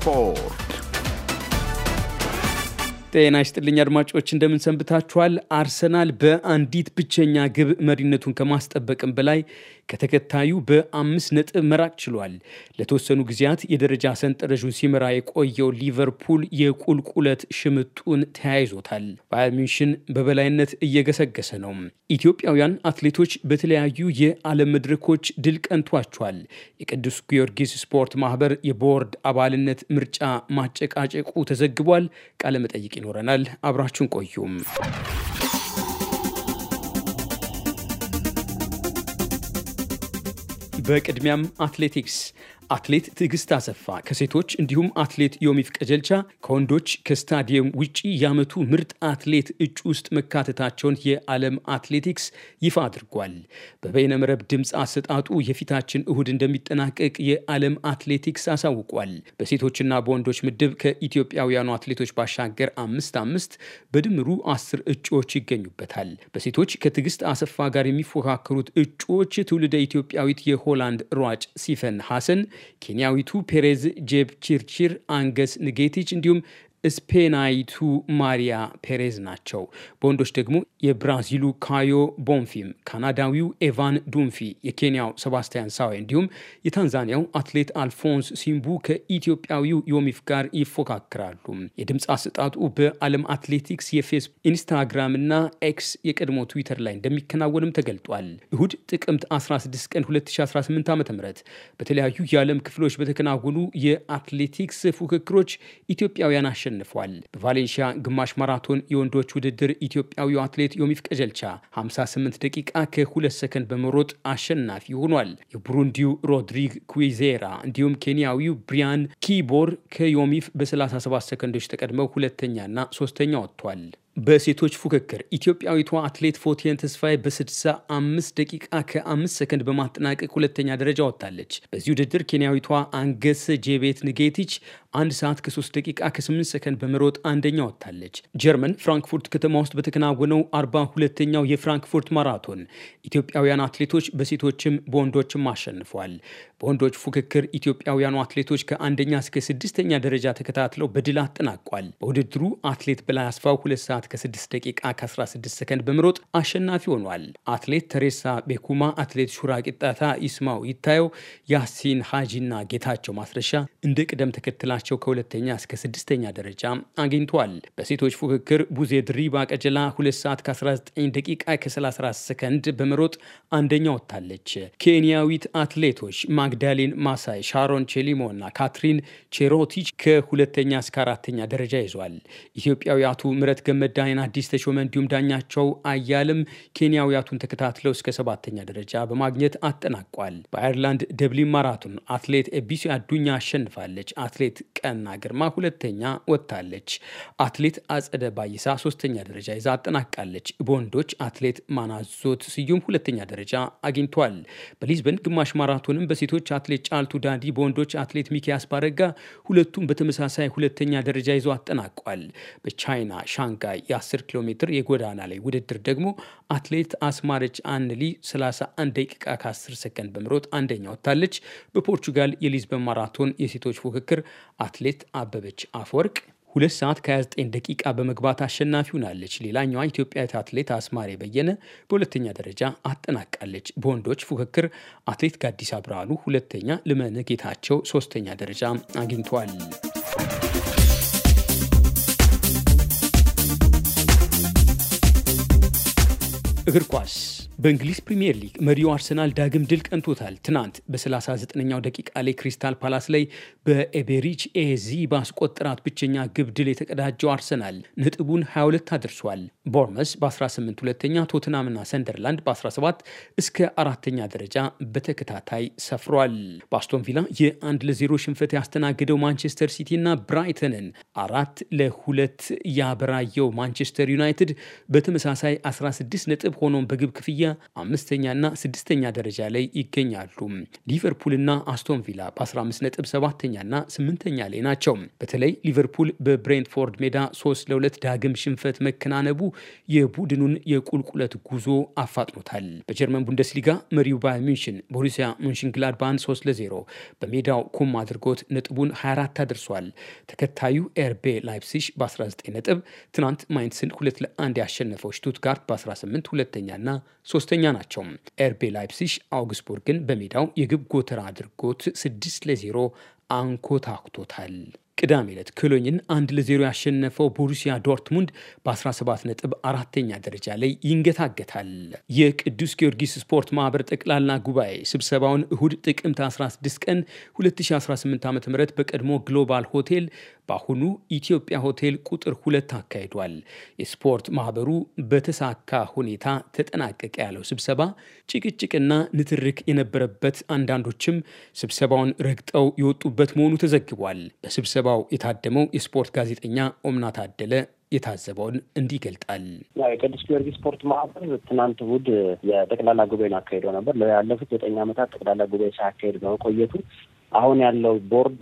Four. ጤና ይስጥልኝ አድማጮች፣ እንደምንሰንብታችኋል። አርሰናል በአንዲት ብቸኛ ግብ መሪነቱን ከማስጠበቅም በላይ ከተከታዩ በአምስት ነጥብ መራቅ ችሏል። ለተወሰኑ ጊዜያት የደረጃ ሰንጠረዡን ሲመራ የቆየው ሊቨርፑል የቁልቁለት ሽምጡን ተያይዞታል። ባየር ሚንሽን በበላይነት እየገሰገሰ ነው። ኢትዮጵያውያን አትሌቶች በተለያዩ የዓለም መድረኮች ድል ቀንቷቸዋል። የቅዱስ ጊዮርጊስ ስፖርት ማህበር የቦርድ አባልነት ምርጫ ማጨቃጨቁ ተዘግቧል። ቃለመጠይቅ ይኖረናል። አብራችሁን ቆዩም። በቅድሚያም አትሌቲክስ አትሌት ትዕግስት አሰፋ ከሴቶች እንዲሁም አትሌት ዮሚፍ ቀጀልቻ ከወንዶች ከስታዲየም ውጪ የዓመቱ ምርጥ አትሌት እጩ ውስጥ መካተታቸውን የዓለም አትሌቲክስ ይፋ አድርጓል። በበይነመረብ ድምፅ አሰጣጡ የፊታችን እሁድ እንደሚጠናቀቅ የዓለም አትሌቲክስ አሳውቋል። በሴቶችና በወንዶች ምድብ ከኢትዮጵያውያኑ አትሌቶች ባሻገር አምስት አምስት በድምሩ አስር እጩዎች ይገኙበታል። በሴቶች ከትዕግስት አሰፋ ጋር የሚፎካከሩት እጩዎች ትውልደ ኢትዮጵያዊት የሆላንድ ሯጭ ሲፈን ሐሰን ኬንያዊቱ ፔሬዝ ጄብ ቺርቺር፣ አንገስ ንጌቲች እንዲሁም ስፔናዊቱ ማሪያ ፔሬዝ ናቸው። በወንዶች ደግሞ የብራዚሉ ካዮ ቦንፊም፣ ካናዳዊው ኤቫን ዱንፊ፣ የኬንያው ሰባስቲያን ሳዌ እንዲሁም የታንዛኒያው አትሌት አልፎንስ ሲምቡ ከኢትዮጵያዊው ዮሚፍ ጋር ይፎካክራሉ። የድምፅ አሰጣጡ በዓለም አትሌቲክስ የፌስቡክ ኢንስታግራም እና ኤክስ የቀድሞ ትዊተር ላይ እንደሚከናወንም ተገልጧል። እሁድ ጥቅምት 16 ቀን 2018 ዓ ም በተለያዩ የዓለም ክፍሎች በተከናወኑ የአትሌቲክስ ፉክክሮች ኢትዮጵያውያን አሸ አሸንፏል። በቫሌንሺያ ግማሽ ማራቶን የወንዶች ውድድር ኢትዮጵያዊው አትሌት ዮሚፍ ቀጀልቻ 58 ደቂቃ ከ2 ሰከንድ በመሮጥ አሸናፊ ሆኗል። የቡሩንዲው ሮድሪግ ኩዊዜራ እንዲሁም ኬንያዊው ብሪያን ኪቦር ከዮሚፍ በ37 ሰከንዶች ተቀድመው ሁለተኛና ሶስተኛ ወጥቷል። በሴቶች ፉክክር ኢትዮጵያዊቷ አትሌት ፎቲየን ተስፋዬ በ65 ደቂቃ ከ5 ሰከንድ በማጠናቀቅ ሁለተኛ ደረጃ ወጥታለች። በዚህ ውድድር ኬንያዊቷ አንገስ ጄቤት ንጌቲች አንድ ሰዓት ከ3 ደቂቃ ከ8 ሰከንድ በመሮጥ አንደኛ ወጥታለች። ጀርመን ፍራንክፉርት ከተማ ውስጥ በተከናወነው 42ኛው የፍራንክፉርት ማራቶን ኢትዮጵያውያን አትሌቶች በሴቶችም በወንዶችም አሸንፏል። በወንዶች ፉክክር ኢትዮጵያውያኑ አትሌቶች ከአንደኛ እስከ ስድስተኛ ደረጃ ተከታትለው በድል አጠናቋል። በውድድሩ አትሌት በላይ አስፋው ሁለት ሰዓት ከስድስት ደቂቃ ከ16 ሰከንድ በመሮጥ አሸናፊ ሆኗል። አትሌት ተሬሳ ቤኩማ፣ አትሌት ሹራ ቂጣታ፣ ይስማው ይታየው፣ ያሲን ሀጂና ጌታቸው ማስረሻ እንደ ቅደም ተከትላቸው ከሁለተኛ እስከ ስድስተኛ ደረጃ አግኝቷል። በሴቶች ፉክክር ቡዜ ድሪባ ቀጀላ ሁለት ሰዓት ከ19 ደቂቃ ከ34 ሰከንድ በመሮጥ አንደኛ ወጥታለች። ኬንያዊት አትሌቶች ማግዳሊን ማሳይ፣ ሻሮን ቼሊሞ እና ካትሪን ቼሮቲች ከሁለተኛ እስከ አራተኛ ደረጃ ይዟል። ኢትዮጵያዊ አቶ ምረት ገመዳይን አዲስ ተሾመ እንዲሁም ዳኛቸው አያልም ኬንያውያቱን ተከታትለው እስከ ሰባተኛ ደረጃ በማግኘት አጠናቋል። በአይርላንድ ደብሊን ማራቶን አትሌት ኤቢሲ አዱኛ አሸንፋለች። አትሌት ቀና ግርማ ሁለተኛ ወጥታለች። አትሌት አጸደ ባይሳ ሶስተኛ ደረጃ ይዛ አጠናቃለች። በወንዶች አትሌት ማናዞት ስዩም ሁለተኛ ደረጃ አግኝቷል። በሊዝበን ግማሽ ማራቶንም በሴቶ በሴቶች አትሌት ጫልቱ ዳዲ፣ በወንዶች አትሌት ሚኪያስ ባረጋ ሁለቱም በተመሳሳይ ሁለተኛ ደረጃ ይዞ አጠናቋል። በቻይና ሻንጋይ የ10 ኪሎ ሜትር የጎዳና ላይ ውድድር ደግሞ አትሌት አስማረች አንሊ 31 ደቂቃ ከ10 ሰከንድ በመሮጥ አንደኛ ወጥታለች። በፖርቹጋል የሊዝበን ማራቶን የሴቶች ፉክክር አትሌት አበበች አፈወርቅ ሁለት ሰዓት ከ29 ደቂቃ በመግባት አሸናፊ ሆናለች። ሌላኛዋ ኢትዮጵያዊት አትሌት አስማሬ በየነ በሁለተኛ ደረጃ አጠናቃለች። በወንዶች ፉክክር አትሌት ጋዲሳ ብርሃኑ ሁለተኛ፣ ልመነ ጌታቸው ሶስተኛ ደረጃ አግኝቷል። እግር ኳስ በእንግሊዝ ፕሪምየር ሊግ መሪው አርሰናል ዳግም ድል ቀንቶታል። ትናንት በ39ኛው ደቂቃ ላይ ክሪስታል ፓላስ ላይ በኤቤሪች ኤዚ ባስቆጠራት ብቸኛ ግብ ድል የተቀዳጀው አርሰናል ነጥቡን 22 አድርሷል። ቦርመስ በ18 ሁለተኛ፣ ቶትናምና ሰንደርላንድ በ17 እስከ አራተኛ ደረጃ በተከታታይ ሰፍሯል። በአስቶን ቪላ የአንድ ለዜሮ ሽንፈት ያስተናገደው ማንቸስተር ሲቲና ብራይተንን አራት ለሁለት ያበራየው ማንቸስተር ዩናይትድ በተመሳሳይ 16 ነጥብ ሆኖም በግብ ክፍያ ክፍያ አምስተኛና ስድስተኛ ደረጃ ላይ ይገኛሉ። ሊቨርፑልና አስቶን ቪላ በ15 ነጥብ ሰባተኛና ስምንተኛ ላይ ናቸው። በተለይ ሊቨርፑል በብሬንትፎርድ ሜዳ 3 ለ2 ዳግም ሽንፈት መከናነቡ የቡድኑን የቁልቁለት ጉዞ አፋጥኖታል። በጀርመን ቡንደስሊጋ መሪው ባየር ሚንሽን ቦሩሲያ ሙንሽንግላድባን 3 ለ0 በሜዳው ኩም አድርጎት ነጥቡን 24 አድርሷል። ተከታዩ ኤርቤ ላይፕሲሽ በ19 ነጥብ ትናንት ማይንስን 2 ለ1 ያሸነፈው ሽቱትጋርት በ18 ሁለተኛና ሶስተኛ ናቸው። ኤርቤ ላይፕሲሽ አውግስቡርግን በሜዳው የግብ ጎተራ አድርጎት ስድስት ለዜሮ አንኮታኩቶታል። ቅዳሜ ዕለት ክሎኝን አንድ ለዜሮ ያሸነፈው ቦሩሲያ ዶርትሙንድ በ17 ነጥብ አራተኛ ደረጃ ላይ ይንገታገታል። የቅዱስ ጊዮርጊስ ስፖርት ማህበር ጠቅላላ ጉባኤ ስብሰባውን እሁድ ጥቅምት 16 ቀን 2018 ዓ ም በቀድሞ ግሎባል ሆቴል በአሁኑ ኢትዮጵያ ሆቴል ቁጥር ሁለት አካሂዷል። የስፖርት ማህበሩ በተሳካ ሁኔታ ተጠናቀቀ ያለው ስብሰባ ጭቅጭቅና ንትርክ የነበረበት አንዳንዶችም ስብሰባውን ረግጠው የወጡበት መሆኑ ተዘግቧል። በስብሰባው የታደመው የስፖርት ጋዜጠኛ ኦምና ታደለ የታዘበውን እንዲህ ይገልጣል። የቅዱስ ጊዮርጊስ ስፖርት ማህበር ትናንት እሑድ የጠቅላላ ጉባኤን አካሄደው ነበር። ያለፉት ዘጠኝ ዓመታት ጠቅላላ ጉባኤ ሳያካሄድ በመቆየቱ አሁን ያለው ቦርድ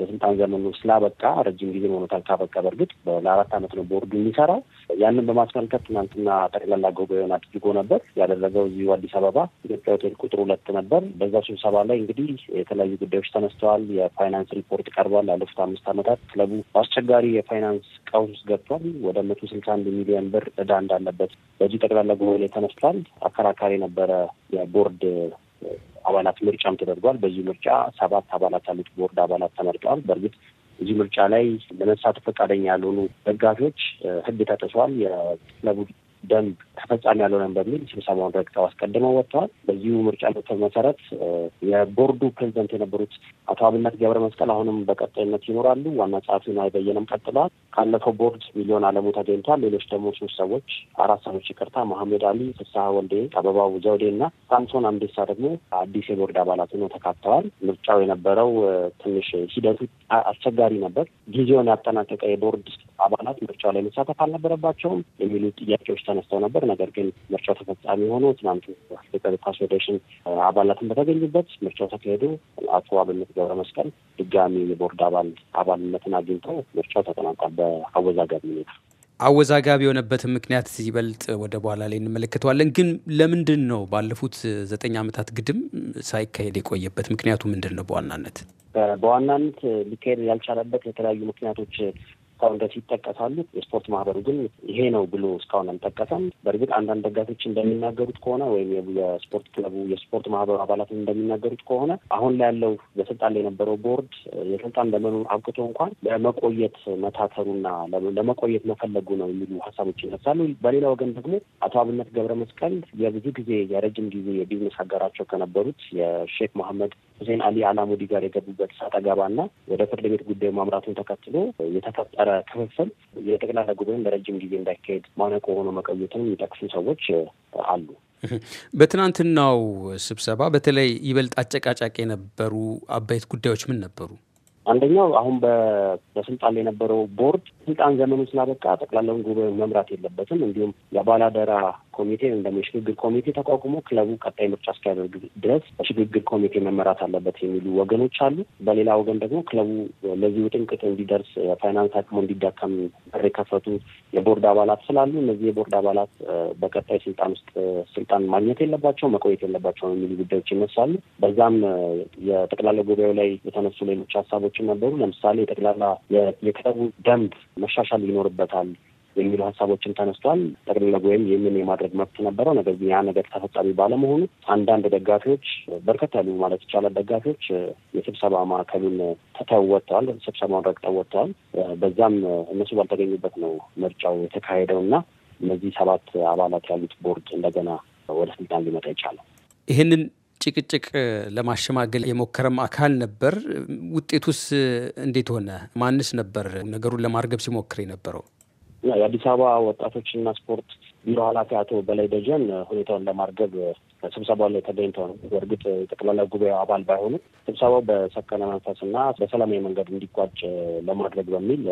የስልጣን ዘመኑ ስላበቃ ረጅም ጊዜ ሆኖታል። ካበቃ በእርግጥ ለአራት ዓመት ነው ቦርዱ የሚሰራው። ያንን በማስመልከት ትናንትና ጠቅላላ ጉባኤውን አድርጎ ነበር ያደረገው እዚሁ አዲስ አበባ ኢትዮጵያ ሆቴል ቁጥር ሁለት ነበር። በዛ ስብሰባ ላይ እንግዲህ የተለያዩ ጉዳዮች ተነስተዋል። የፋይናንስ ሪፖርት ቀርቧል። ላለፉት አምስት ዓመታት ክለቡ በአስቸጋሪ የፋይናንስ ቀውስ ውስጥ ገብቷል። ወደ መቶ ስልሳ አንድ ሚሊዮን ብር እዳ እንዳለበት በዚህ ጠቅላላ ጉባኤ ላይ ተነስቷል። አከራካሪ ነበረ የቦርድ አባላት ምርጫም ተደርጓል። በዚህ ምርጫ ሰባት አባላት አሉት። ቦርድ አባላት ተመርጠዋል። በእርግጥ እዚህ ምርጫ ላይ ለመሳተፍ ፈቃደኛ ያልሆኑ ደጋፊዎች ሕግ ተጥሷል፣ የክለቡ ደንብ ተፈጻሚ ያልሆነም በሚል ስብሰባውን ረግጠው አስቀድመው ወጥተዋል። በዚሁ ምርጫ ዶክተር መሰረት የቦርዱ ፕሬዚደንት የነበሩት አቶ አብነት ገብረ መስቀል አሁንም በቀጣይነት ይኖራሉ። ዋና ጸሐፊው ንዋይ በየነም ቀጥለዋል። ካለፈው ቦርድ ሚሊዮን አለሙ ተገኝቷል። ሌሎች ደግሞ ሶስት ሰዎች አራት ሰዎች ይቅርታ፣ መሐመድ አሊ፣ ፍስሐ ወልዴ፣ አበባው ዘውዴ እና ሳምሶን አምዴሳ ደግሞ አዲስ የቦርድ አባላት ሆነው ተካተዋል። ምርጫው የነበረው ትንሽ ሂደቱ አስቸጋሪ ነበር። ጊዜውን ያጠናቀቀ የቦርድ አባላት ምርጫው ላይ መሳተፍ አልነበረባቸውም የሚሉ ጥያቄዎች ተነስተው ነበር። ነገር ግን ምርጫው ተፈጻሚ ሆኖ ትናንት አፍሪካ ዴሞክራሲ ፌዴሬሽን አባላትን በተገኙበት ምርጫው ተካሄዱ። አቶ አብነት ገብረ መስቀል ድጋሚ የቦርድ አባል አባልነትን አግኝተው ምርጫው ተጠናቋል በአወዛጋቢ ሁኔታ። አወዛጋቢ የሆነበትን ምክንያት ይበልጥ ወደ በኋላ ላይ እንመለከተዋለን። ግን ለምንድን ነው ባለፉት ዘጠኝ ዓመታት ግድም ሳይካሄድ የቆየበት? ምክንያቱ ምንድን ነው? በዋናነት በዋናነት ሊካሄድ ያልቻለበት የተለያዩ ምክንያቶች እስካሁን ድረስ ይጠቀሳሉ። የስፖርት ማህበሩ ግን ይሄ ነው ብሎ እስካሁን አልጠቀሰም። በእርግጥ አንዳንድ ደጋፊዎች እንደሚናገሩት ከሆነ ወይም የስፖርት ክለቡ የስፖርት ማህበሩ አባላት እንደሚናገሩት ከሆነ አሁን ላይ ያለው በስልጣን ላይ የነበረው ቦርድ የስልጣን ለመኖር አብቅቶ እንኳን ለመቆየት መታተሩና ለመቆየት መፈለጉ ነው የሚሉ ሀሳቦች ይነሳሉ። በሌላ ወገን ደግሞ አቶ አብነት ገብረ መስቀል የብዙ ጊዜ የረጅም ጊዜ የቢዝነስ አጋራቸው ከነበሩት የሼክ መሐመድ ሁሴን አሊ አላሙዲ ጋር የገቡበት እሳት አገባና ወደ ፍርድ ቤት ጉዳዩ ማምራቱን ተከትሎ የተፈጠረ ክፍፍል የጠቅላላ ጉባኤም ለረጅም ጊዜ እንዳይካሄድ ማነቆ ሆኖ መቆየቱን የሚጠቅሱ ሰዎች አሉ። በትናንትናው ስብሰባ በተለይ ይበልጥ አጨቃጫቂ የነበሩ አበይት ጉዳዮች ምን ነበሩ? አንደኛው አሁን በስልጣን ላይ የነበረው ቦርድ ስልጣን ዘመኑ ስላበቃ ጠቅላላውን ጉባኤ መምራት የለበትም፣ እንዲሁም የባላደራ ኮሚቴ ወይም ደግሞ የሽግግር ኮሚቴ ተቋቁሞ ክለቡ ቀጣይ ምርጫ እስኪያደርግ ድረስ ሽግግር ኮሚቴ መመራት አለበት የሚሉ ወገኖች አሉ። በሌላ ወገን ደግሞ ክለቡ ለዚ ጥንቅጥ እንዲደርስ የፋይናንስ አቅሙ እንዲዳከም በር የከፈቱ የቦርድ አባላት ስላሉ እነዚህ የቦርድ አባላት በቀጣይ ስልጣን ውስጥ ስልጣን ማግኘት የለባቸው መቆየት የለባቸው የሚሉ ጉዳዮች ይነሳሉ። በዛም የጠቅላላ ጉባኤው ላይ የተነሱ ሌሎች ሀሳቦች ነበሩ። ለምሳሌ የጠቅላላ የክለቡ ደንብ መሻሻል ይኖርበታል የሚሉ ሀሳቦችን ተነስቷል። ጠቅልለ ወይም ይህንን የማድረግ መብት ነበረው። ነገር ግን ያ ነገር ተፈጻሚ ባለመሆኑ አንዳንድ ደጋፊዎች፣ በርከት ያሉ ማለት ይቻላል ደጋፊዎች የስብሰባ ማዕከሉን ትተው ወጥተዋል። ስብሰባውን ረግጠው ወጥተዋል። በዛም እነሱ ባልተገኙበት ነው ምርጫው የተካሄደው እና እነዚህ ሰባት አባላት ያሉት ቦርድ እንደገና ወደ ስልጣን ሊመጣ ይቻላል። ይህንን ጭቅጭቅ ለማሸማገል የሞከረም አካል ነበር። ውጤቱስ እንዴት ሆነ? ማንስ ነበር ነገሩን ለማርገብ ሲሞክር የነበረው? የአዲስ አበባ ወጣቶችና ስፖርት ቢሮ ኃላፊ አቶ በላይ ደጀን ሁኔታውን ለማርገብ ስብሰባው ላይ ተገኝተው ነው። በእርግጥ የጠቅላላ ጉባኤው አባል ባይሆኑም ስብሰባው በሰከነ መንፈስና በሰላማዊ መንገድ እንዲቋጭ ለማድረግ በሚል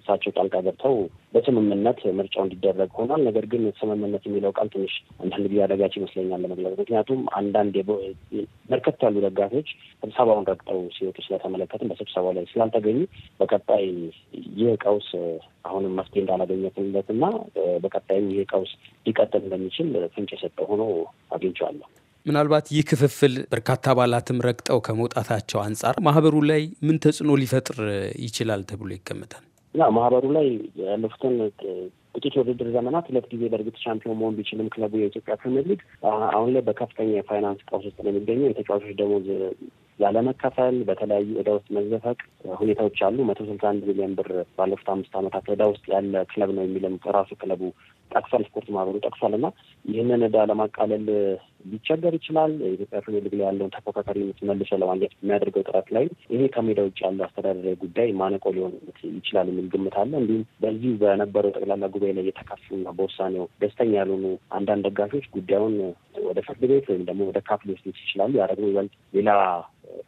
እሳቸው ጣልቃ ገብተው በስምምነት ምርጫው እንዲደረግ ሆኗል። ነገር ግን ስምምነት የሚለው ቃል ትንሽ አንዳንድ ጊዜ አደጋች ይመስለኛል ለመግለጽ። ምክንያቱም አንዳንድ በርከት ያሉ ደጋፊዎች ስብሰባውን ረግጠው ሲወጡ ስለተመለከትን በስብሰባው ላይ ስላልተገኙ በቀጣይ ይህ ቀውስ አሁንም መፍትሄ እንዳላገኘትንበት እና በቀጣይም ይህ ቀውስ ሊቀጥል እንደሚችል ፍንጭ የሰጠው ሆኖ አግኝቼዋለሁ። ምናልባት ይህ ክፍፍል በርካታ አባላትም ረግጠው ከመውጣታቸው አንጻር ማህበሩ ላይ ምን ተጽዕኖ ሊፈጥር ይችላል ተብሎ ይገመታል? ና ማህበሩ ላይ ያለፉትን ጥቂት የውድድር ዘመናት ሁለት ጊዜ በእርግጥ ሻምፒዮን መሆን ቢችልም ክለቡ የኢትዮጵያ ፕሪሚየር ሊግ አሁን ላይ በከፍተኛ የፋይናንስ ቀውስ ውስጥ ነው የሚገኘው። የተጫዋቾች ደሞዝ ያለመከፈል፣ በተለያዩ እዳ ውስጥ መዘፈቅ ሁኔታዎች አሉ። መቶ ስልሳ አንድ ሚሊዮን ብር ባለፉት አምስት ዓመታት እዳ ውስጥ ያለ ክለብ ነው የሚልም ራሱ ክለቡ ጠቅሷል፣ ስፖርት ማህበሩ ጠቅሷል። እና ይህንን እዳ ለማቃለል ሊቸገር ይችላል። የኢትዮጵያ ፕሪሚየር ሊግ ላይ ያለውን ተፎካካሪነት መልሶ ለማግኘት የሚያደርገው ጥረት ላይ ይሄ ከሜዳ ውጭ ያለው አስተዳደራዊ ጉዳይ ማነቆ ሊሆን ይችላል የሚል ግምት አለ። እንዲሁም በዚሁ በነበረው ጠቅላላ ጉባኤ ላይ የተካፉና በውሳኔው ደስተኛ ያልሆኑ አንዳንድ ደጋፊዎች ጉዳዩን ወደ ፍርድ ቤት ወይም ደግሞ ወደ ካፍ ሊወስዱት ይችላሉ። ያ ደግሞ ይበልጥ ሌላ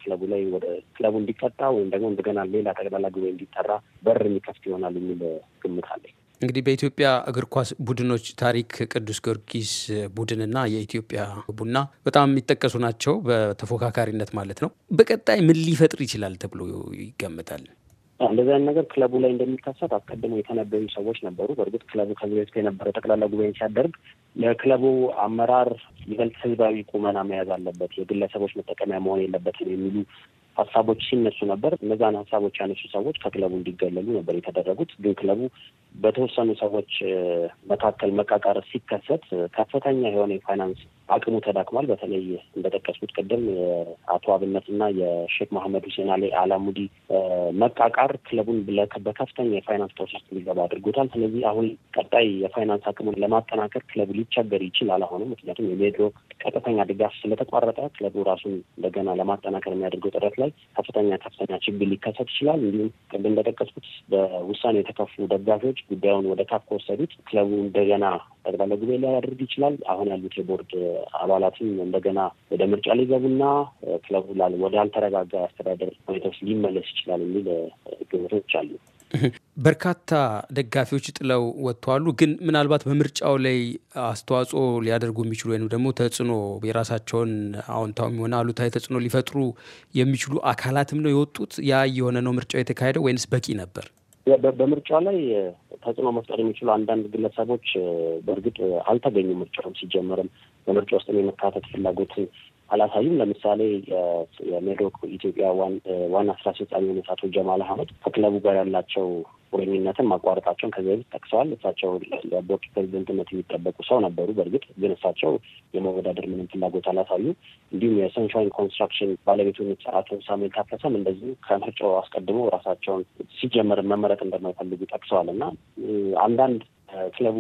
ክለቡ ላይ ወደ ክለቡ እንዲቀጣ ወይም ደግሞ እንደገና ሌላ ጠቅላላ ጉባኤ እንዲጠራ በር የሚከፍት ይሆናል የሚል ግምት አለኝ። እንግዲህ በኢትዮጵያ እግር ኳስ ቡድኖች ታሪክ ቅዱስ ጊዮርጊስ ቡድንና የኢትዮጵያ ቡና በጣም የሚጠቀሱ ናቸው፣ በተፎካካሪነት ማለት ነው። በቀጣይ ምን ሊፈጥር ይችላል ተብሎ ይገመታል? እንደዚያን ነገር ክለቡ ላይ እንደሚከሰት አስቀድመው የተነበዩ ሰዎች ነበሩ። በእርግጥ ክለቡ ከዚህ በፊት ጠቅላላ ጉባኤ ሲያደርግ ለክለቡ አመራር ይበልጥ ህዝባዊ ቁመና መያዝ አለበት፣ የግለሰቦች መጠቀሚያ መሆን የለበትም የሚሉ ሀሳቦች ሲነሱ ነበር። እነዛን ሀሳቦች ያነሱ ሰዎች ከክለቡ እንዲገለሉ ነበር የተደረጉት። ግን ክለቡ በተወሰኑ ሰዎች መካከል መቃቃር ሲከሰት ከፍተኛ የሆነ የፋይናንስ አቅሙ ተዳክሟል። በተለይ እንደጠቀስኩት ቅድም የአቶ አብነት እና የሼክ መሐመድ ሁሴን አሊ አላሙዲ መቃቃር ክለቡን በከፍተኛ የፋይናንስ ቀውስ ውስጥ እንዲገባ አድርጎታል። ስለዚህ አሁን ቀጣይ የፋይናንስ አቅሙን ለማጠናከር ክለቡ ሊቸገር ይችላል። አሁኑ ምክንያቱም የሜድሮ ቀጥተኛ ድጋፍ ስለተቋረጠ ክለቡ ራሱን እንደገና ለማጠናከር የሚያደርገው ጥረት ላይ ላይ ከፍተኛ ከፍተኛ ችግር ሊከሰት ይችላል። እንዲሁም ቅድም እንደጠቀስኩት በውሳኔ የተከፉ ደጋፊዎች ጉዳዩን ወደ ካፍ ከወሰዱት ክለቡ እንደገና ጠቅላላ ጉባኤ ያደርግ ይችላል። አሁን ያሉት የቦርድ አባላትም እንደገና ወደ ምርጫ ሊገቡና ክለቡ ወደ አልተረጋጋ አስተዳደር ሁኔታ ውስጥ ሊመለስ ይችላል የሚል ግምቶች አሉ። በርካታ ደጋፊዎች ጥለው ወጥተዋሉ። ግን ምናልባት በምርጫው ላይ አስተዋጽኦ ሊያደርጉ የሚችሉ ወይም ደግሞ ተጽዕኖ የራሳቸውን አዎንታው ሆነ አሉታዊ ተጽዕኖ ሊፈጥሩ የሚችሉ አካላትም ነው የወጡት። ያ የሆነ ነው ምርጫው የተካሄደው ወይንስ በቂ ነበር? በምርጫው ላይ ተጽዕኖ መፍጠር የሚችሉ አንዳንድ ግለሰቦች በእርግጥ አልተገኙ። ምርጫውም ሲጀመርም በምርጫ ውስጥ የመካተት ፍላጎት አላሳዩም። ለምሳሌ የሜዶክ ኢትዮጵያ ዋና ስራ አስፈጻሚ የሆኑት አቶ ጀማል አህመድ ከክለቡ ጋር ያላቸው ቁርኝነትን ማቋረጣቸውን ከዚህ በፊት ጠቅሰዋል። እሳቸው ለቦርድ ፕሬዚደንትነት የሚጠበቁ ሰው ነበሩ። በእርግጥ ግን እሳቸው የመወዳደር ምንም ፍላጎት አላሳዩ። እንዲሁም የሰንሻይን ኮንስትራክሽን ባለቤቱ አቶ ሳሙኤል ታፈሰም እንደዚሁ ከምርጫው አስቀድሞ ራሳቸውን ሲጀመር መመረጥ እንደማይፈልጉ ጠቅሰዋል እና አንዳንድ ክለቡ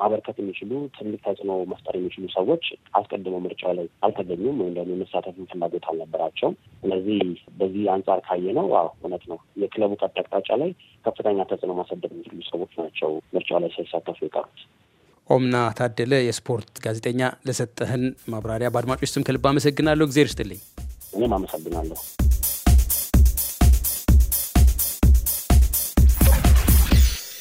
ማበርከት የሚችሉ ትልቅ ተጽዕኖ መፍጠር የሚችሉ ሰዎች አስቀድመው ምርጫው ላይ አልተገኙም ወይም ደግሞ የመሳተፍን ፍላጎት አልነበራቸውም። ስለዚህ በዚህ አንጻር ካየ ነው አዎ እውነት ነው። የክለቡ ቀጣይ አቅጣጫ ላይ ከፍተኛ ተጽዕኖ ማሳደር የሚችሉ ሰዎች ናቸው ምርጫው ላይ ሳይሳተፉ የቀሩት። ኦምና ታደለ፣ የስፖርት ጋዜጠኛ፣ ለሰጠህን ማብራሪያ በአድማጮች ስም ከልብ አመሰግናለሁ። እግዜር ይስጥልኝ። እኔም አመሰግናለሁ።